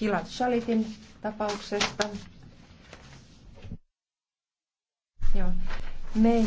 Hilat Shalitin tapauksesta. Joo. Me